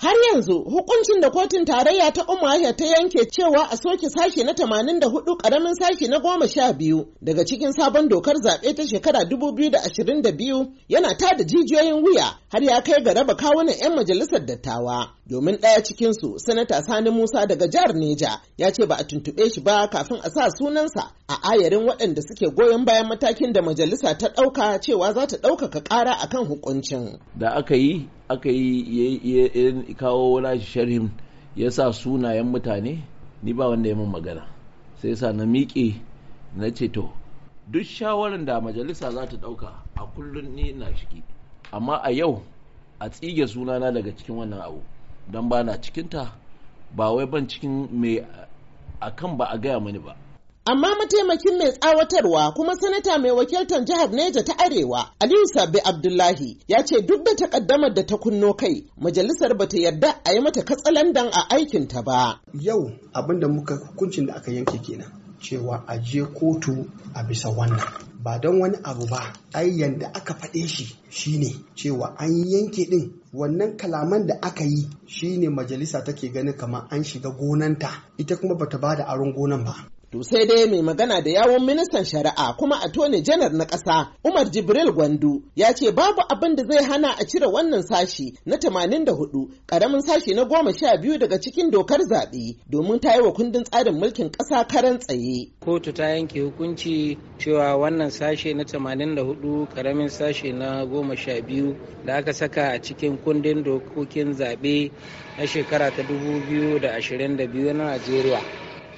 Har yanzu hukuncin da kotun tarayya ta Umahiya ta yanke cewa a soke sashi na 84 karamin sashi na goma sha biyu daga cikin sabon dokar zaɓe ta shekara 2022 yana ta da jijiyoyin wuya har ya kai ga raba kawunan 'yan majalisar dattawa. Domin ɗaya cikinsu, Sanata Sani Musa daga jihar Neja ya ce ba a tuntuɓe shi ba kafin a sa sunansa a ayarin waɗanda suke goyon bayan matakin da majalisa ta ɗauka cewa za ta ɗaukaka ƙara akan hukuncin. Da aka yi aka yi kawo shi sharhin ya sa sunayen mutane ni ba wanda ya mun magana sai sa na miƙe na ce to duk shawarar da majalisa za ta ɗauka a kullum ni na shiki amma a yau a tsige sunana daga cikin wannan abu don ba na cikinta ba wai ban cikin mai akan ba a gaya mani ba Amma mataimakin mai tsawatarwa kuma sanata mai wakiltar jihar Neja ta Arewa Aliyu Sabi Abdullahi ya ce duk da takaddamar da ta kunno kai majalisar bata yarda a yi mata katsalandan a aikin ta ba. Yau abin da muka hukuncin da aka yanke kenan cewa a je kotu a bisa wannan. ba don wani abu ba ai yanda aka faɗe shi shine cewa an yanke ɗin wannan kalaman da aka yi shine majalisa take ganin kamar an shiga gonanta ita kuma bata ba da aron gonan ba To sai dai mai magana da yawon ministan shari'a kuma a tone janar na ƙasa Umar Jibril Gwandu ya ce babu abin da zai hana a cire wannan sashi na 84 ƙaramin sashi na goma sha biyu daga cikin dokar zaɓe domin ta yi wa kundin tsarin mulkin ƙasa karan tsaye. Kotu ta yanke hukunci cewa wannan sashe na 84 ƙaramin sashe na goma sha biyu da aka saka a cikin kundin dokokin zaɓe na shekara ta 2022 na Najeriya.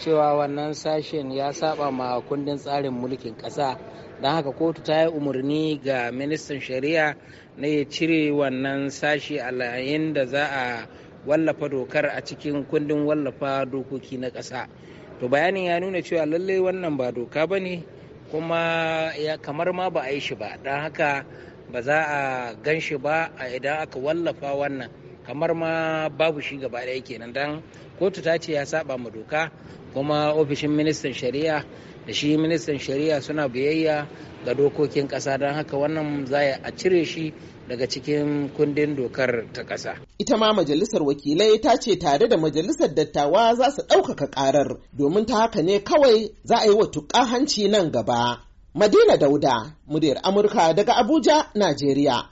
cewa wannan sashen ya saba ma kundin tsarin mulkin ƙasa don haka kotu ta yi umarni ga ministan shari'a na ya cire wannan sashi a layin da za a wallafa dokar a cikin kundin wallafa dokoki na ƙasa to bayanin ya nuna cewa lallai wannan ba doka ba ne kuma ya kamar ma ba a yi shi ba don haka ba za a gan shi ba a idan aka wallafa wannan kamar ma babu shi gaba ɗaya kenan don kotu ta ce ya saba ma doka kuma ofishin ministan shari'a da shi ministan shari'a suna biyayya ga dokokin ƙasa don haka wannan za a cire shi daga cikin kundin dokar ta ƙasa. Ita ma majalisar wakilai ta ce tare da majalisar dattawa za su ɗaukaka ƙarar domin ta haka ne kawai za a yi wa tuƙa hanci nan gaba. Madina Dauda, muryar Amurka daga Abuja, Najeriya.